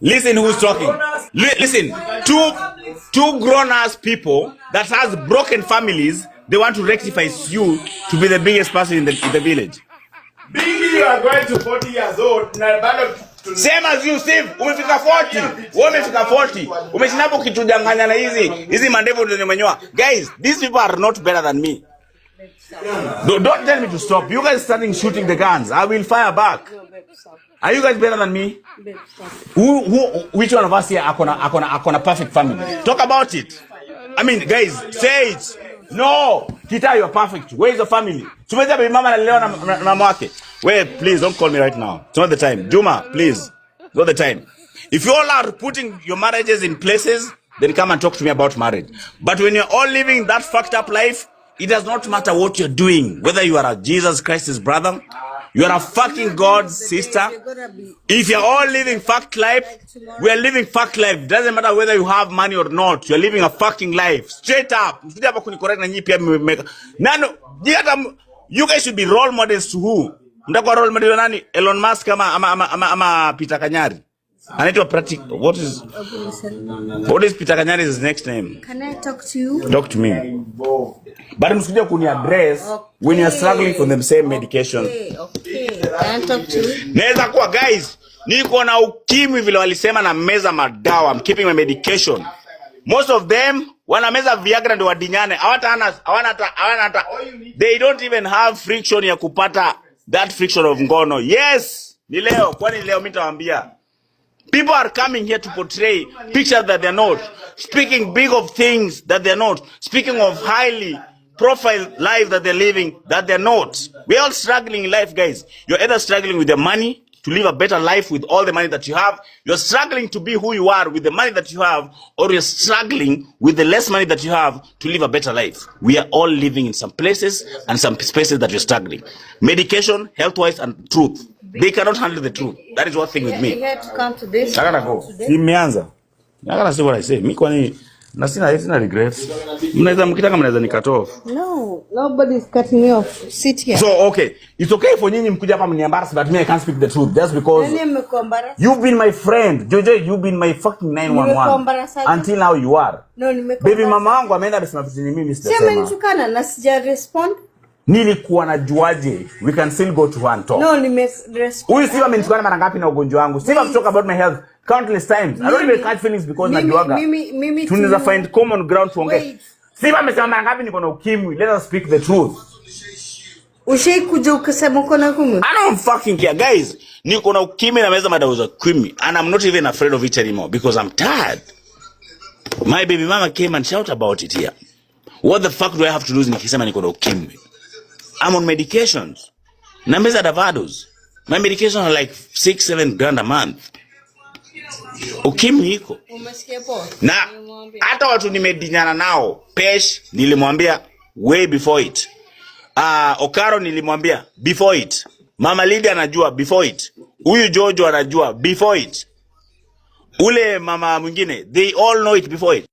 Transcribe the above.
Listen who's talking. Listen, two two grown-ass people that has broken families, they want to rectify you to be the biggest person in the, in the village. Billy, you are going to 40 years old same as you Steve, umefika 40. Wewe umefika 40. Umeshinda hapo kitu danganya na hizi hizi mandevu ndio nimenyoa. Guys, these people are not better than me. Don't, don't tell me to stop. You guys starting shooting the guns. I will fire back. Are you guys better than me? Who, who, which one of us here akona akona akona perfect family? Talk about it. I mean, guys, say it. No, Kita, you're perfect. Where is your family? Tumeza baby mama analelewa na mama wake. Wait, please don't call me right now. It's not the time. Juma, please. It's not the time. If you all are putting your marriages in places, then come and talk to me about marriage. But when you're all living that fucked up life, it does not matter what you're doing, whether you are a Jesus Christ's brother You are a fucking god, sister. If you're all living fucked life, we are living fucked life. Doesn't matter whether you have money or not. You're living a fucking life. Straight up. you guys should be role models to who? Ndako role model wa nani? Elon Musk ama ama ama, ama Peter Kanyari. Anaitwa Pratik. What is What is Peter Kanyari's next name? Can I talk to you? Talk to me. But msije kuni address When you are struggling for the same medication. Okay. Naweza kuwa guys, niko na ukimwi vile walisema, na meza madawa, I'm keeping my medication. Most of them wana meza Viagra ndio wadinyane, hawata hawana hata, hawana hata, they don't even have friction ya kupata that friction of ngono. Yes, ni leo, kwani leo mimi nitawaambia People are coming here to portray pictures that they're not, speaking big of things that they're not, speaking of highly profile life that they're living that they're not. We're all struggling in life, guys. You're either struggling with the money to live a better life with all the money that you have. You're struggling to be who you are with the money that you have, or you're struggling with the less money that you have to live a better life. We are all living in some places and some spaces that we're struggling. Medication, health-wise, and truth. They cannot handle the truth. That is one thing with me. You had to come to this. I gotta go. Imeanza. I gotta see what I say. Mi kwani na sina sina regrets. Mnaweza mkitaka, mnaweza nikat off. No, nobody is cutting me off. Sit here. So okay, it's okay for nyinyi mkuja hapa mniambarasi but me I can't speak the truth. That's because mmekombarasa? you've been my friend. Jojo, you've been my fucking 911 until now you are. No, nimekombarasa. Baby mama wangu ameenda amesema vitu ni mimi sijasema. Sema nitukana na sija respond. Nilikuwa najuaje? We can still go to one talk. No, nimerespond. Huyu sio amenitukana mara ngapi na ugonjwa wangu. Sio I've talked about my health countless times. I don't even catch feelings because najuaga. Mimi mimi tunaweza find common ground tuongee. Sio amesema mara ngapi niko na ukimwi. Let us speak the truth. Ushai kuja ukasema uko na ukimwi? I don't fucking care guys. Niko na ukimwi na meza madawa za ukimwi and I'm not even afraid of it anymore because I'm tired. My baby mama came and shout about it here. What the fuck do I have to lose nikisema niko na ukimwi? I'm on medications. Numbers Davados. My medications are like 6 7 grand a month. Ukimwi iko na hata watu nimedinyana nao. Pesh nilimwambia way before it. Uh, Okaro nilimwambia before it. Mama Lydia anajua before it. Huyu Jojo anajua before it. Ule mama mwingine they all know it before it.